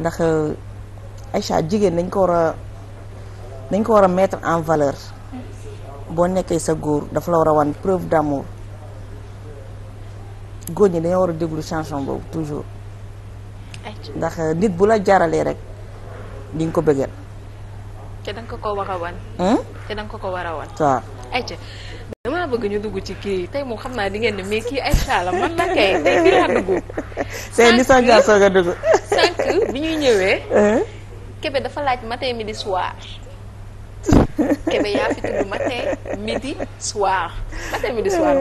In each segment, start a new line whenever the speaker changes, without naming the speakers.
ndax euh, Aïcha jigéen dañ ko war a dañ ko war a mettre en valeur boo nekkee sa góor dafa la war a wan preuve d'amour góor ñi dañoo war a déglu chanson boobu toujours ndax euh, nit bu la jaaralee rek di nga ko bëggal
te da ko ko war a wan hmm? te da ko ko war a wan waaw Aïcha damaa bëgg ñu dugg ci kii tey moom xam naa di ngeen ne mais kii Aïcha la man la kay tey kii dugg
c'est ni soo nga dugg
sànq bi ñuy ñëwee. Kébé dafa laaj matin midi soir. Kébé yaa fi tudd matin midi soir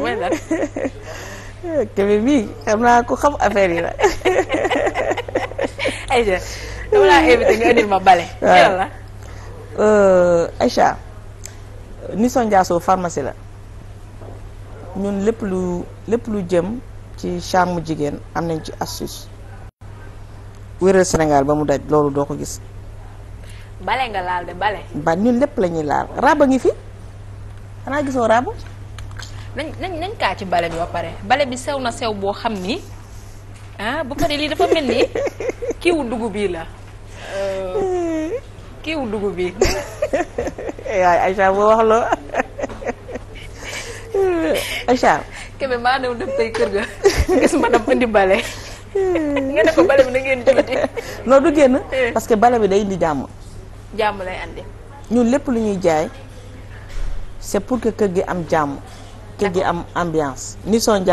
mooy lan.
Kébé bii xam naa ko xam affaire yi la.
Aïcha dama laa invité nga indil ma bale. waaw
euh, Aïcha Nison Diasso pharmacie la ñun lépp lu lépp lu jëm ci charme jigéen am nañ ci astuce. wéral Sénégal ba mu daj loolu doo ko gis.
bale nga laal de bale.
ba ñun lépp lañuy ñuy laal raaba ngi fi
xanaa gisoo raaba. nañ nañ nañ kaa ci bale bi ba pare bale bi sew na sew boo xam ni ah ba pare lii dafa mel ni kiiwu dugub bi la kiiwu dugub bi. waaye
Aïcha boo wax loo Aïcha.
Kébé maa dem def tey kër ga
gis ma dam indi bale.
Hmm. nga ne
hmm. parce que bale bi day indi jàmm.
jàmm lay andi.
lépp lu ñuy jaay c'est pour que kër gi am jàmm. kër gi am ambiance. ni son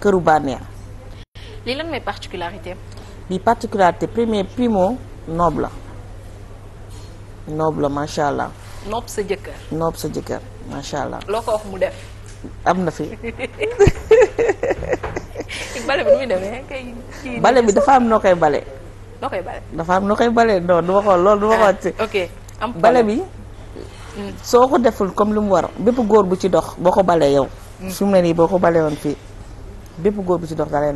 këru bànneex.
lii lan mooy particularité.
lii particularité premier primo noble la. noble macha allah.
noob sa jëkkër.
noob sa jëkkër macha allah. loo ko wax mu def. am na fi.
bale bi nu muy demee kay bale bi dafa am noo koy bale. noo koy bale
dafa am noo koy bale non du ma xool loolu ah, ok
am bale bi. Hmm.
soo ko deful comme li mu war bépp góor bu ci dox boo ko balee yow. Hmm. su nii boo ko balee woon fii bépp góor bu ci dox da lay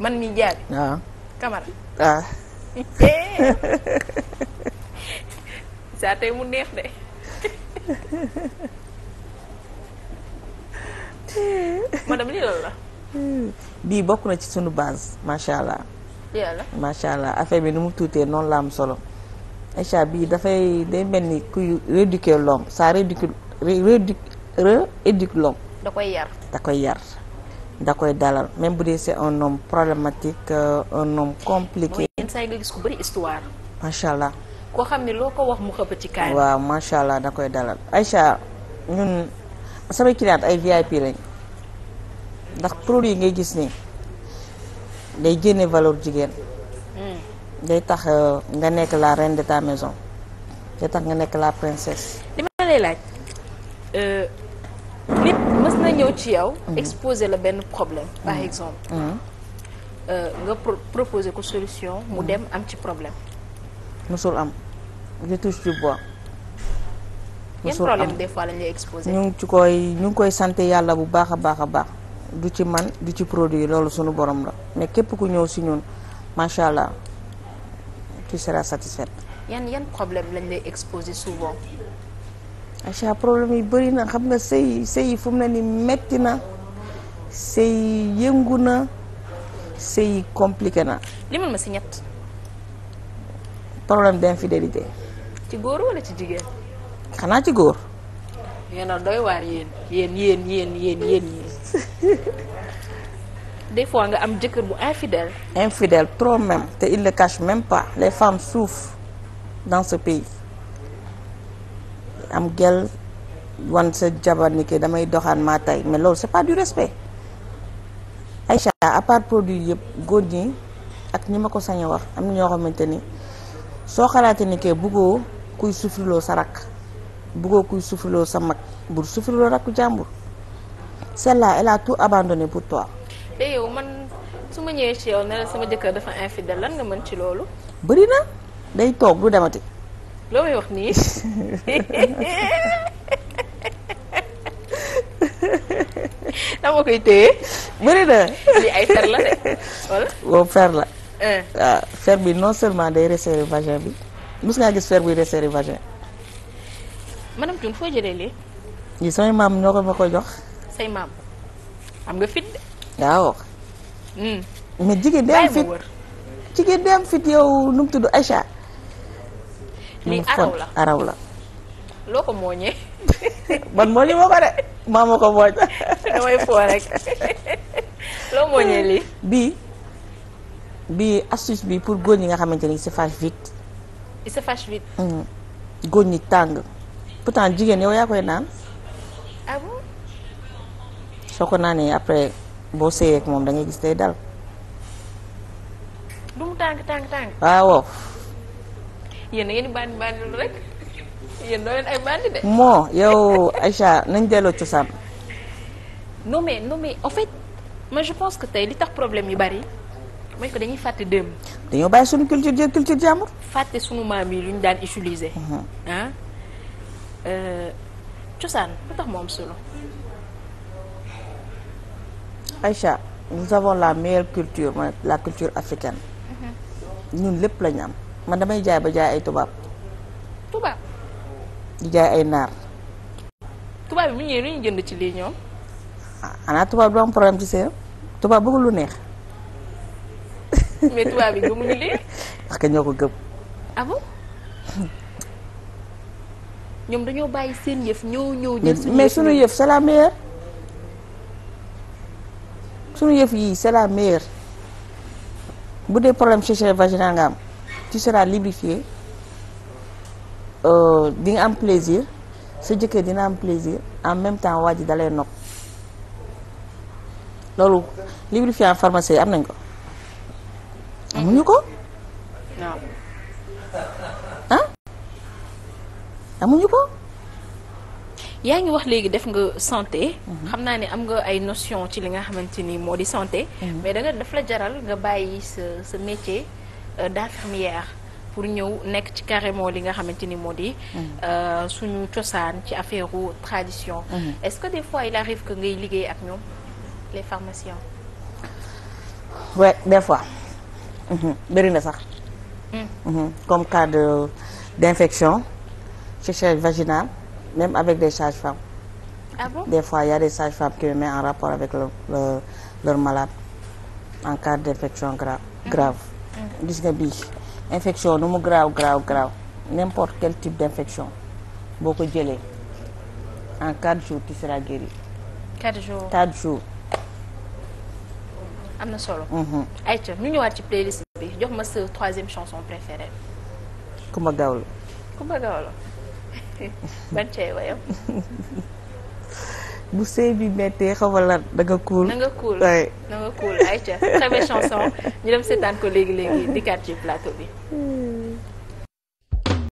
man mi jaar. waaw ah. kamara. waaw. Ah. saa tey mu neex de. madame la. Hmm.
bii bokk na ci sunu base macha allah. yàlla macha allah affaire bi nu mu tuutee noonu la am solo. Aïcha bii dafay day mel ni kuy rééduquer l'homme ça rééduque rééduque l'homme da koy yar da koy yar. da koy dalal même bu dee c'est un homme problématique euh, un homme compliqué. yenn gis ku bëri allah.
koo xam ne loo ko wax mu xëpp ci kaay. waaw
macha allah da koy dalal Aïcha ñun samay client ay VIP lañ. ndax produit yi ngay gis nii day génne valeur jigéen. Hmm. day tax euh, nga nekk la reine de ta maison day tax nga nekk la princesse.
li ma lay laaj euh, nit mës ci yow. Hmm. exposer la benn problème par hmm. exemple. Euh, nga proposer ko solution mu dem am ci problème.
musul am je touche du bois. musul problème des fois lañ
lay exposer. ñu ngi
ci koy ñu ngi koy sant yàlla bu baax a baax a baax. du ci man du ci produit loolu sunu borom la mais képp ku ñëw si ñun macha allah tu seras satisfaite.
yan yan problème lañ lay exposé souvent.
acha problème yi bëri na xam nga sëy sëy yi fu mu ne ni metti na sëy yi yëngu na sëy yi compliqué na.
limal ma si ñett.
problème d'infidélité.
ci góor wala ci jigéen. xanaa ci góor. yéen a doy waar yéen yéen yéen yéen yéen des fois nga am jëkkër bu infidèle.
infidèle trop même te il le cache même pas les femmes suuf dans ce pays am gel wan sa jabar ni ki damay doxaan maa tey mais loolu c'est pas du respect Aïcha à part produit yëpp góor ñi ak ñi ma ko sañ a wax am ñoo xamante ni soo xalaatee ni que buggoo kuy souffriloo sa rakk buggoo kuy souffriloo sa mag bul souffriloo rakku jàmbur celle-là tout abandonné pour toi.
te eh yow man su ma ñëwee ci yow ne sama jëkkër dafa infidèle lan nga mën ci loolu.
bëri na day toog du demati.
loo may wax nii. dama koy téye.
bëri na. lii ay fer la de wala. waaw fer la. waaw eh. ah, fer bi non seulement day resserrer vagin bi mos ngaa gis fer buy resserrer vagin.
madame Thioune foo jëlee
lii. samay maam ñoo ko ma ko jox.
say maam am nga fit de. waaw. Hmm.
mais jigéen dem fit
jigéen dem fit yow
nu mu tudd Aïcha. lii araw la araw
loo ko mooñee.
man mooñu moo ko de maa ma ko mooñ.
damay foo rek loo mooñee lii.
bii bii astuce bi pour góor ñi nga xamante ni se fâche vite. Hmm. góor ñi tàng pourtant jigéen yow yaa koy naan. Ah soo ko naanee après boo seeyee ak moom da gis day dal.
du mu tàng tàng tàng. waaw. yéen a ngeen di bandi lu rek yéen doo leen ay bandi de. moo
yow Aïcha nañ delloo cosaan.
non mais non mais en fait man je pense que tey li tax problème yu bari mooy que dañuy fàtte démb.
dañoo bàyyi suñu culture jël culture jàmbur.
fàtte suñu maam yi lu ñu daan utiliser. Mhm. ah euh, cosaan lu tax moo am solo.
Aïcha nous avons la meilleure culture mooy la culture africaine
mm-hmm.
ñun lépp la ñu am man damay jaay ba jaay ay tubaab. tubaab. di jaay ay naar.
tubaab bi mu ñëwee lu ñu ci lii ñoom.
xanaa ah, tubaab du am problème lu neex. parce que ñoo ko gëm.
Ah ñoom dañoo bàyyi seen yëf ñëw ñëw. jël suñu yëf mais suñu yëf c'est
la suñu yëf yi c'est la bu dee problème sécheresse vaginale nga am tu seras lubrifié euh, di am plaisir sa jëkkër dina am plaisir en même temps waa ji dalay nopp loolu lubrifiant pharmacie am nañ ko amuñu ko amuñu ko
yaa ngi wax léegi def nga santé. Mhm. xam naa ni am nga ay notion ci li nga xamante ni moo di santé. Mhm. mais da nga daf la jaral nga bàyyi sa sa métier euh, d'infirmière pour ñëw nekk ci carrément li nga xamante ni moo di. Mhm. Euh, suñu cosaan ci affaire tradition. est-ce que des fois il arrive que ngay liggéey ak ñoom les pharmaciens.
oui des bëri na sax. Mm. comme cas de d'infection sécheresse vaginale. même avec de sages-femmes. Ah bon? Des fois, il y a des sages-femmes qui me mettent en rapport avec le, le, leur malade en cas d'infection mhm. grave. grave. Mhm. gis nga bii infection nu mu grave grave grave n'importe quel type d'infection boo ko jëlee en quatre jours tu seras guéri. quatre jours quatre jours.
am na solo. Mhm. ayca ñu ñëwaat ci playlist jox ma sa troisième chanson préférée. Coumba Gawlo. Coumba ban cee wayam
bu sëy bi méttee xamal la da nga kuul. da nga kuul
da nga kuul ayca chanson ñu dem seetaan ko léegi léegi dikkaat ci plateau bi.
Hmm.